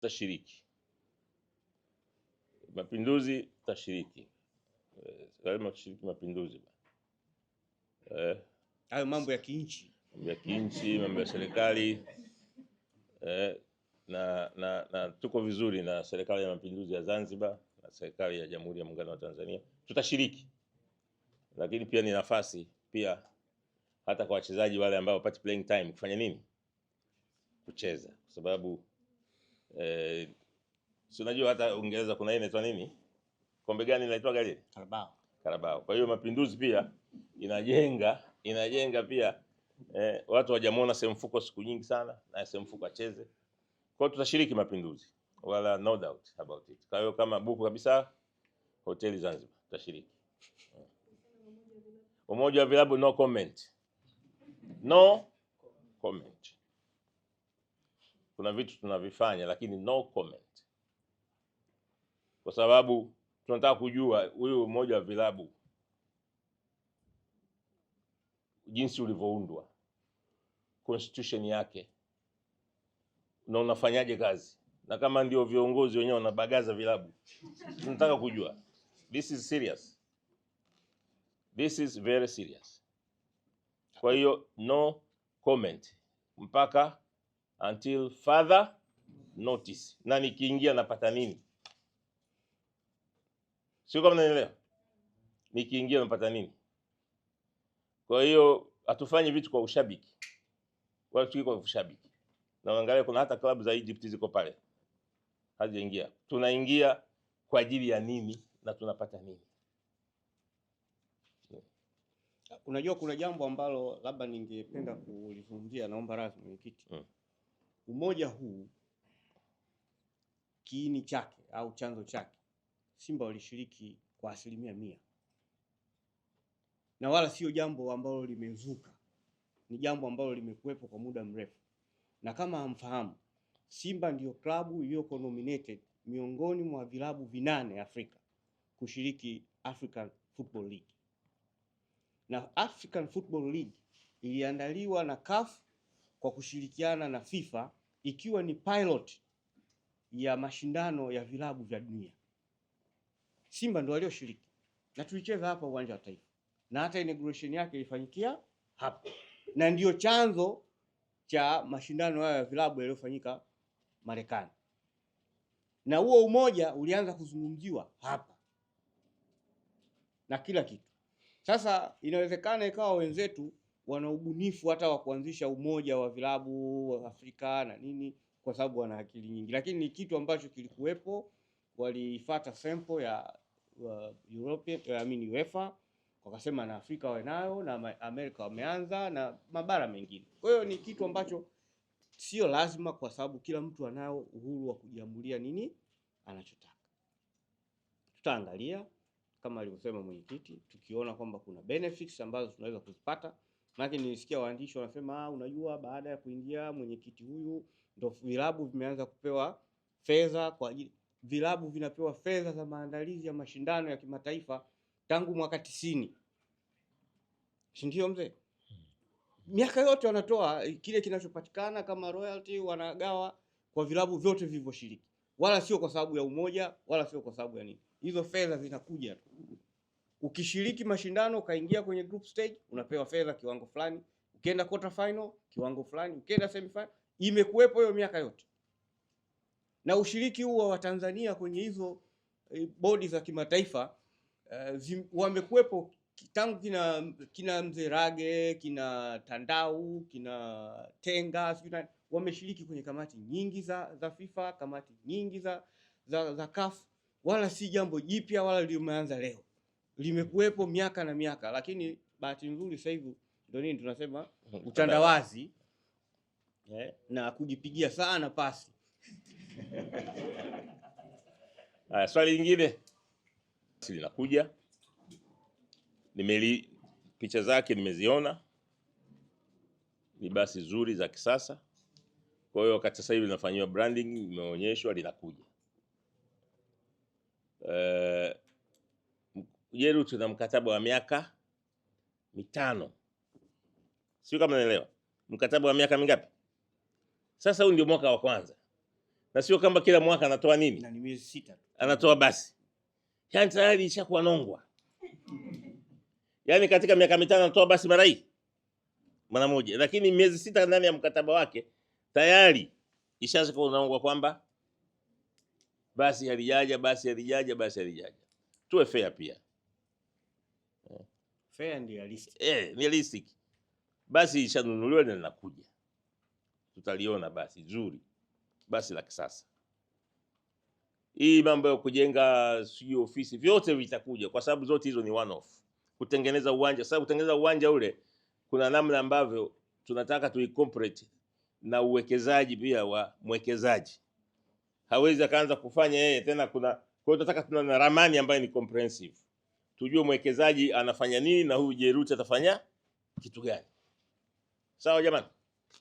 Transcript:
tashiriki mapinduzi, tashiriki eh, lazima tushiriki mapinduzi eh, hayo mambo ya kinchi ya kinchi mambo ya serikali eh, na, na, na tuko vizuri na serikali ya mapinduzi ya Zanzibar na serikali ya Jamhuri ya Muungano wa Tanzania tutashiriki, lakini pia ni nafasi pia hata kwa wachezaji wale ambao wapati playing time kufanya nini, kucheza kwa sababu eh, si unajua hata Uingereza kuna inaitwa nini, kombe gani inaitwa gari Carabao, Carabao. Kwa hiyo mapinduzi pia inajenga inajenga pia eh, watu hawajamwona Semfuko siku nyingi sana, na Semfuko acheze. Kwa hiyo tutashiriki mapinduzi, wala no doubt about it. Kwa hiyo kama buku kabisa, hoteli Zanzibar tutashiriki. Umoja wa vilabu no comment, no comment kuna vitu tunavifanya, lakini no comment, kwa sababu tunataka kujua huyu mmoja wa vilabu jinsi ulivyoundwa, constitution yake, na unafanyaje kazi, na kama ndio viongozi wenyewe wanabagaza vilabu, tunataka kujua. This is serious. This is very serious. Kwa hiyo no comment mpaka until further notice, na nikiingia napata nini? Sio kama mnanielewa? Nikiingia napata nini? Kwa hiyo hatufanyi vitu kwa ushabiki wala tuki kwa ushabiki, na uangalia, kuna hata klabu za Egypt ziko pale hazijaingia. Tunaingia kwa ajili ya nini na tunapata nini? Unajua, kuna jambo ambalo labda ningependa kulizungumzia, naomba radhi mwenyekiti. Hmm. Umoja huu kiini chake au chanzo chake, Simba walishiriki kwa asilimia mia, na wala sio jambo ambalo limezuka, ni jambo ambalo limekuwepo kwa muda mrefu. Na kama hamfahamu, Simba ndiyo klabu iliyoko nominated miongoni mwa vilabu vinane Afrika kushiriki African Football League, na African Football League iliandaliwa na CAF kwa kushirikiana na FIFA ikiwa ni pilot ya mashindano ya vilabu vya dunia. Simba ndio walioshiriki na tulicheza hapa uwanja wa Taifa, na hata inauguration yake ilifanyikia hapa, na ndiyo chanzo cha mashindano hayo ya vilabu yaliyofanyika Marekani, na huo umoja ulianza kuzungumziwa hapa na kila kitu. Sasa inawezekana ikawa wenzetu wana ubunifu hata wa kuanzisha umoja wa vilabu wa Afrika na nini, kwa sababu wana akili nyingi, lakini ni kitu ambacho kilikuwepo. Walifuata sample ya uh, European I mean UEFA wakasema na Afrika wawe na Amerika wameanza na mabara mengine. Kwa hiyo ni kitu ambacho sio lazima, kwa sababu kila mtu anao uhuru wa kujiamulia nini anachotaka. Tutaangalia kama alivyosema mwenyekiti, tukiona kwamba kuna benefits ambazo tunaweza kuzipata maana nilisikia waandishi wanasema, ah, unajua baada ya kuingia mwenyekiti huyu ndo vilabu vimeanza kupewa fedha kwa ajili vilabu vinapewa fedha za maandalizi ya mashindano ya kimataifa tangu mwaka tisini, si ndio mzee? Hmm. Miaka yote wanatoa eh, kile kinachopatikana kama royalty, wanagawa kwa vilabu vyote vilivyoshiriki, wala sio kwa sababu ya umoja, wala sio kwa sababu ya nini. Hizo fedha zinakuja tu. Ukishiriki mashindano ukaingia kwenye group stage unapewa fedha kiwango fulani, ukienda quarter final kiwango fulani, ukienda semi final. Imekuwepo hiyo miaka yote, na ushiriki huo wa Tanzania kwenye hizo e, bodi za kimataifa e, wamekuwepo tangu kina, kina Mzee Rage kina Tandau kina Tenga wameshiriki kwenye kamati nyingi za, za FIFA kamati nyingi za, za, za CAF wala si jambo jipya wala limeanza leo limekuwepo miaka na miaka, lakini bahati nzuri sasa hivi ndio nini tunasema utandawazi yeah, na kujipigia sana pasi Aya, swali lingine linakuja, nimeli picha zake nimeziona, ni basi zuri za kisasa. Kwa hiyo wakati sasa hivi linafanyiwa branding, imeonyeshwa linakuja eh, Ujeru tuna mkataba wa miaka mitano, sio kama naelewa, mkataba wa miaka mingapi? Sasa huu ndio mwaka wa kwanza, na sio kama kila mwaka anatoa nini, na ni miezi sita anatoa basi, yani tayari ishakuwa nongwa. Yani katika miaka mitano anatoa basi mara hii mara moja, lakini miezi sita ndani ya mkataba wake tayari ishakuwa nongwa kwamba basi halijaja, basi halijaja, basi halijaja. Tuwe fair pia fair and realistic. Eh, realistic. Basi ishanunuliwa na linakuja, tutaliona basi zuri, basi la kisasa. Hii mambo ya kujenga sijui ofisi, vyote vitakuja, kwa sababu zote hizo ni one off. Kutengeneza uwanja, sababu kutengeneza uwanja ule kuna namna ambavyo tunataka tuicomplete na uwekezaji pia wa mwekezaji hawezi akaanza kufanya yeye tena. Kuna kwa hiyo tunataka tuna ramani ambayo ni comprehensive tujue mwekezaji anafanya nini na huyu Jeruti atafanya kitu gani. Sawa jamani?